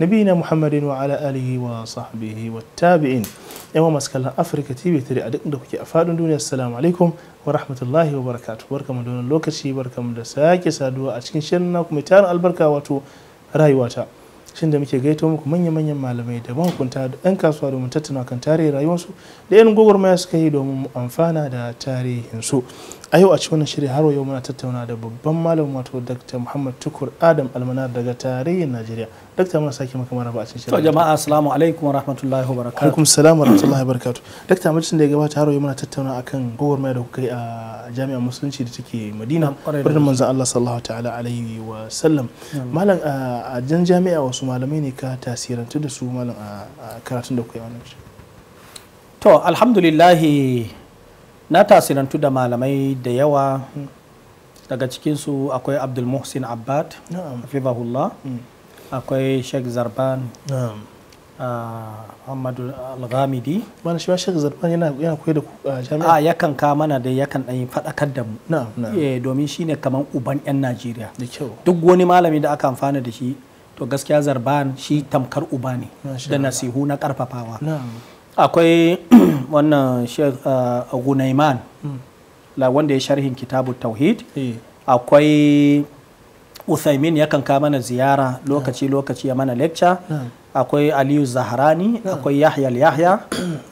nabiyina muhammad wa ala alihi wa sahbihi wa tabi'in yawa masu kallon afirka tv tare a duk da kuke a faɗin duniya assalamu wa rahmatullahi wa barakatu barkamu da wani lokaci barkamu da sake saduwa a cikin shirin na kuma tarin albarka wato rayuwata shin da muke gaito muku manya-manyan malamai da mahukunta da 'yan kasuwa domin tattauna kan tarihin rayuwarsu da 'yan gwagwarmaya suka yi domin amfana da tarihinsu a yau a cikin wannan shirya har yau muna tattauna da babban malam wato dr muhammad tukur adam almanar daga tarihin najeriya dr muna sake maka maraba a cikin shirin jama'a assalamu alaikum wa rahmatullahi wa barakatuh alaikum salam wa rahmatullahi wa barakatuh dakta mutum da ya gabata har yau muna tattauna akan gwagwarmaya da kuka yi a jami'ar musulunci da take madina birnin manzon allah sallallahu ta'ala alaihi wa sallam malam a jan jami'a wasu malamai ne ka tasirantu da su malam a karatun da kuka yi wannan to alhamdulillahi na tasirantu da malamai da yawa daga cikinsu akwai abdul muhsin abbad Hafifahullah. Mm. akwai sheikh zarban ah, Muhammadu Al-Ghamidi. Mana shi ma Sheikh zarban yana yana koyar da ku a jami'a. A ah, yakan ka mana da yakan ɗanyi faɗakar da mu. Eh, domin shi domin kamar kaman uban yan Najeriya. Duk wani malami da aka amfana da shi to gaskiya Zarban shi tamkar uba ne da nasihu na karfafawa. akwai wannan sheikh gunaiman uh, hmm. wanda ya sharhin kitabu tauhid eh. akwai uthaimin yakan ka mana ziyara lokaci-lokaci hmm. ya mana lecture hmm. akwai aliyu zaharani akwai yahya yahya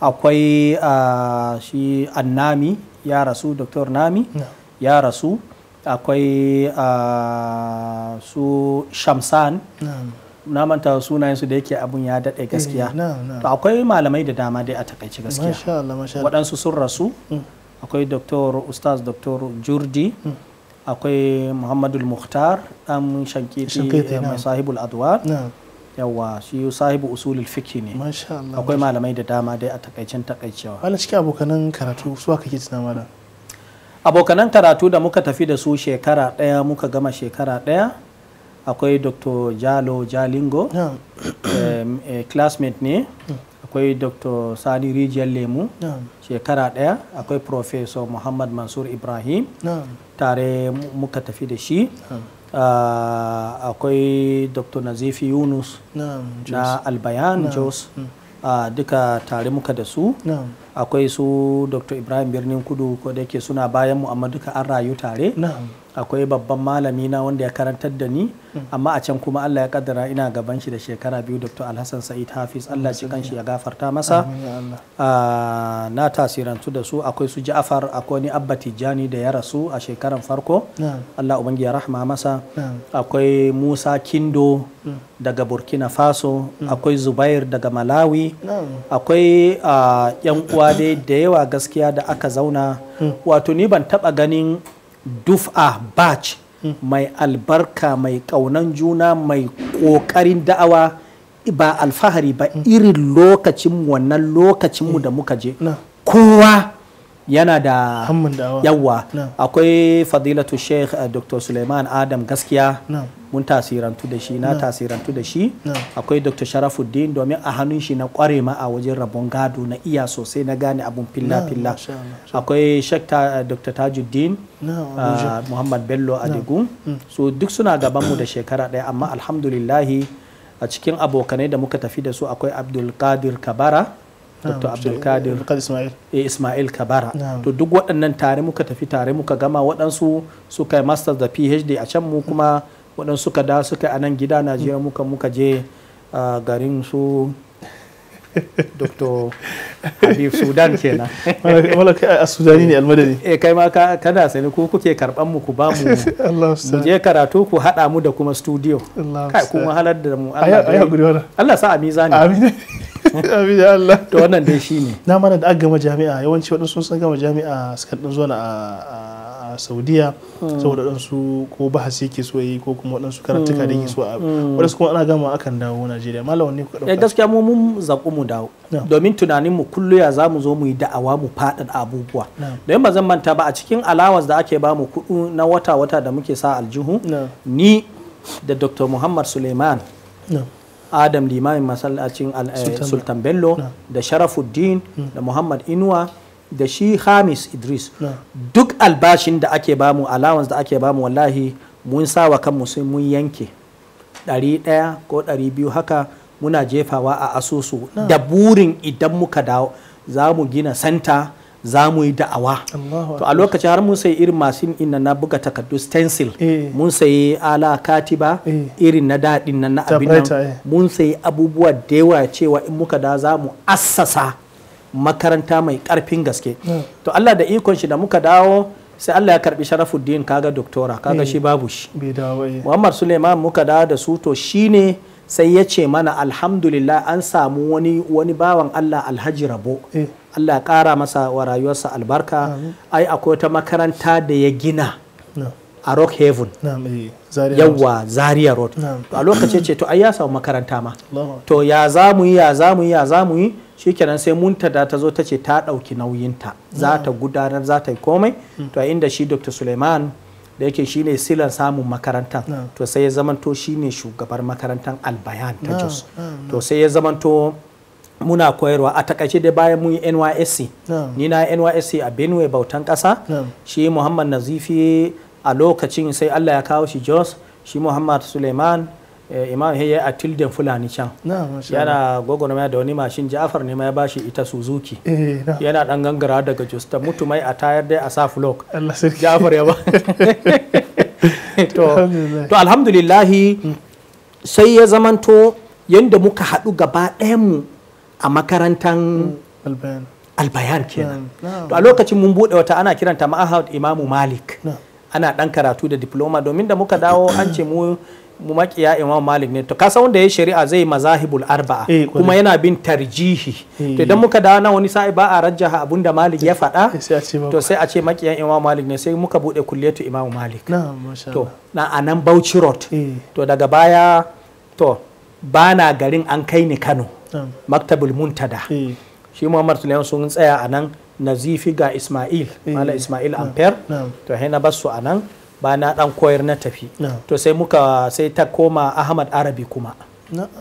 akwai uh, shi annami ya rasu dr nami ya rasu akwai uh, su shamsan na manta sunayensu da yake abun ya daɗe eh, gaskiya to akwai malamai da dama dai a takaici gaskiya waɗansu sun rasu mm. akwai doktor ustaz doktor jurdi mm. akwai muhammadul muhtar ɗan shankiti eh, mai sahibul adwa yawa shi sahibu usulul fiki ne akwai malamai da dama dai a takaicin takaicewa wani cikin abokanan karatu su aka ke tuna mana abokanan karatu da muka tafi da su shekara ɗaya muka gama shekara ɗaya akwai dr jalo jalingo eh, classmate ne akwai dr sani rijiyar lemu shekara daya akwai professor muhammad mansur ibrahim tare muka tafi da shi ah, akwai dr nazifi yunus na albayan jos mm. ah, duka tare muka da su akwai su dr ibrahim birnin kudu ko da yake suna bayan mu amma duka an rayu tare akwai babban malami na wanda ya karantar da ni hmm. amma a can kuma Allah ya kaddara ina gaban shi da shekara biyu Dr. Alhassan Sa'id Hafiz hmm. Allah shi kanshi ya gafarta masa ah, na tasirantu da su akwai su Ja'far akwai ni Abba Tijani da ya rasu a shekaran farko Allah ubangi ya rahma masa akwai Musa Kindo hmm. daga Burkina Faso akwai Zubair daga Malawi akwai ah, yan uwa dai da yawa gaskiya da aka zauna wato ni ban taba ganin duf'a batch mai albarka mai ƙaunan juna mai ƙoƙarin da'awa ba alfahari ba mm. irin lokacinmu wannan lokacinmu mm. da muka je kowa yana da yawa akwai fadilatu sheikh eh, dr suleiman adam gaskiya mun tasirantu da shi na tasirantu da shi akwai dr sharafuddin domin a hannun shi na kware ma a wajen rabon gado na iya sosai na gane abun filla filla akwai shakta eh, dr tajuddin ah, muhammad bello adigu mm. so duk suna gaban mu da shekara daya amma alhamdulillahi a cikin abokanai da muka tafi da su akwai abdulkadir kabara dr abdulkadir eh, ismail kabara to duk waɗannan tare muka tafi tare muka gama waɗansu su kai masters da phd a can mu kuma waɗansu suka da suka a nan gida najeriya muka muka je garin su dr habib sudan kenan wala kai a sudani ne almadani eh kai ma ka kada sani ku kuke karban mu ku ba mu mu je karatu ku hada mu da kuma studio kai kuma halar da mu Allah ya guri Allah sa a mizani amin amin ya Allah to wannan dai shine na mana da aka gama jami'a yawanci waɗansu sun gama jami'a suka dan zo na a Saudiya hmm. saboda waɗansu ko bahasi yake so yi ko kuma waɗansu karantuka da yake so a hmm. Hmm. waɗansu kuma ana gama akan dawo Najeriya malamin ne ku ɗauka eh, gaskiya mu mun zaku mu dawo domin tunanin mu kullu ya zamu zo mu yi da'awa mu faɗaɗa abubuwa don ba zan manta ba a cikin alawas da ake ba mu kuɗu na wata wata da muke sa aljihu ni da Dr. Muhammad Suleiman adam limamin masallacin eh, sultan bello da sharafuddin da muhammad inuwa da shi hamis idris duk albashin da ake bamu allowance da ake bamu wallahi mun wa kanmu sai mun yanke ɗari ɗaya ko ɗari biyu haka muna jefawa a asusu da burin idan muka dawo za mu gina santa za mu yi da'awa to a lokacin har mun sayi irin masu inna na buga takardu stencil eh. mun sayi ala katiba eh. irin na daɗin nan na abin nan eh. mun sayi abubuwa da yawa cewa in muka da za mu assasa makaranta mai ƙarfin gaske to Allah da ikon shi da muka dawo sai Allah ya karbi Sharafuddin kaga doktora kaga shi babu shi Muhammad Suleiman muka dawo da su to shine sai ya ce mana alhamdulillah an samu wani wani bawan Allah alhaji rabo eh. Allah ya kara masa wa rayuwarsa albarka ai akwai ta makaranta da ya gina a rock haven yawa eh, zaria road to a lokacin ce to ai ya samu makaranta ma to ya za mu yi ya za mu yi ya za mu yi shikenan sai muntada ta zo ta ce ta ɗauki nauyinta za ta gudanar za ta yi komai hmm. to a inda shi dr suleiman da yake shine silan samun makarantar to sai ya zamanto shine shugabar makarantar albayan ta jos to sai ya zamanto muna koyarwa a takaice da bayan mun yi nysc ni na nysc a benue bautan kasa shi muhammad nazifi a lokacin sai allah ya kawo shi jos shi muhammad suleiman Eh, imam ya a tilden fulani can yana gwagwarmaya da wani mashin ja'afar ne ma ya bashi ita suzuki eh, yana dan gangara daga justa mutu mai a tayar dai a sa flok ja'afar ya ba to alhamdulillahi hmm. sai ya zamanto yadda muka haɗu gaba ɗayanmu a makarantar hmm, albayan kenan hmm, to a lokacin mun buɗe wata ana kiranta ma'ahad imamu malik ana ɗan karatu da diploma domin da muka dawo an ce mu makiya imam malik ne to kasa wanda ya shari'a zai mazahibul arba'a eh, kuma yana bin tarjihi eh. to idan muka dawo na wani sa'i ba a rajjaha abun da malik ya faɗa eh, to sai a ce makiyan imam malik ne sai muka bude kulliyatu imam malik to na anan bauchi road to daga baya to bana garin an kai ni kano maktabul muntada shi muhammad suleiman sun tsaya anan nazifi ga ismail mala ismail amper to hena basu a ba na dan koyar na tafi to sai muka sai ta koma ahmad arabi kuma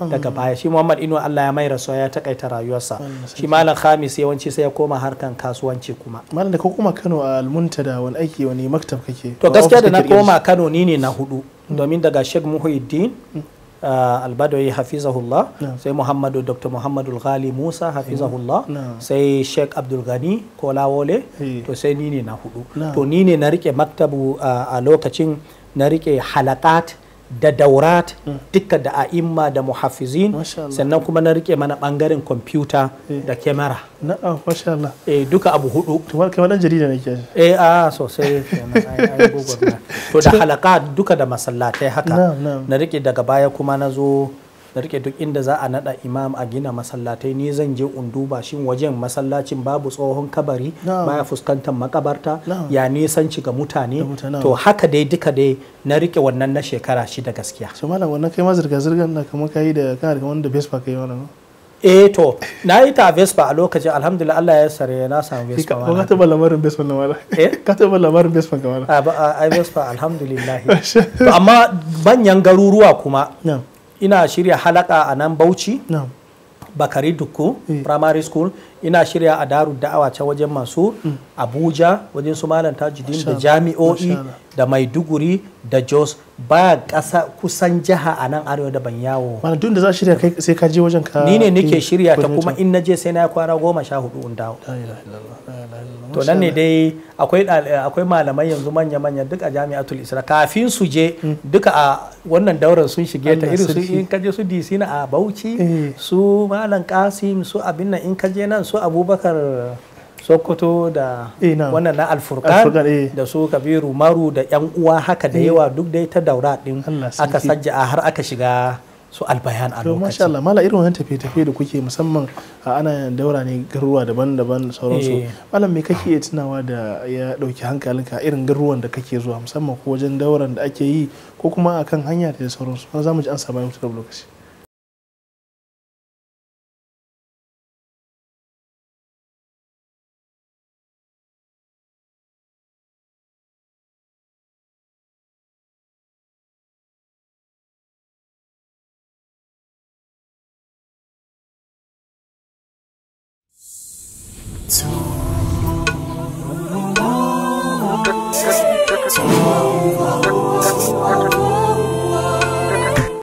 daga baya shi muhammad inu allah ya mai rasuwa ya takaita rayuwarsa shi malam khamis yawanci sai ya koma harkan kasuwanci kuma malam da ka koma kano a almuntada wani aiki wani maktab kake to gaskiya da na koma kano ni ne na hudu mm. domin daga sheikh muhyiddin mm. Uh, albadawi hafizahullah sai muhammadu dr muhammadu ghali musa hafizahullah sai Sheik abdul gani kolawole to sai ni na hudu to ni ne na rike maktabu uh, a lokacin na rike halakat da daurat mm. duka da a'imma da muhafizin sannan kuma na rike mana bangaren kwamfuta eh. da kemara eh, duka abu hudu kamar kamar dan jarida nake eh a sosai to da halaka duka da masallatai haka na rike daga baya kuma na zo da rike duk inda za a nada imam a gina masallatai ni zan je unduba shin wajen masallacin babu tsohon kabari baya fuskantar makabarta ya nisanci ga mutane to haka dai duka dai na rike wannan na shekara shi da gaskiya so malam wannan kai ma zirga zirgar na kamar kai da kana da wanda vespa kai wannan eh to na yi ta vespa a lokacin alhamdulillah Allah ya sare na samu vespa ma ka taba lamarin vespa na wala eh ka taba lamarin vespa ka wala a vespa alhamdulillah amma manyan garuruwa kuma ina shirya halaka a nan bauchi bakari dukku eh. primary school ina shirya a daru da'awa can wajen masu hmm. abuja wajen su malam tajudin da jami'o'i da maiduguri da jos ba kasa kusan jiha a nan arewa da ban yawo malam da za shirya kai sai ka je wajen ka ni ne nake shirya ta kuma in na je sai na kwana goma sha hudu in dawo to nan ne dai akwai akwai malamai yanzu manya manya duk a jami'atul isra kafin su je hmm. duka a wannan dauran sun shige ta irin su in ka je su dc na a bauchi eh. su malam kasim su abin nan in ka je nan su abubakar sokoto da eh, wannan na alfurkan eh. da su kabiru maru da yan uwa haka da eh. yawa duk dai ta daura din aka sajja har aka shiga su albayan a lokacin. Masha Allah mala irin wannan tafiye-tafiye da kuke musamman a ana daura ne garuruwa daban-daban da sauransu. Malam me kake iya tunawa da ya dauki hankalinka irin garuruwan da kake zuwa musamman ko wajen dauran da ake yi ko kuma akan hanya da sauransu. Wani zamu ji an samu lokaci. Tomorrow. Tomorrow.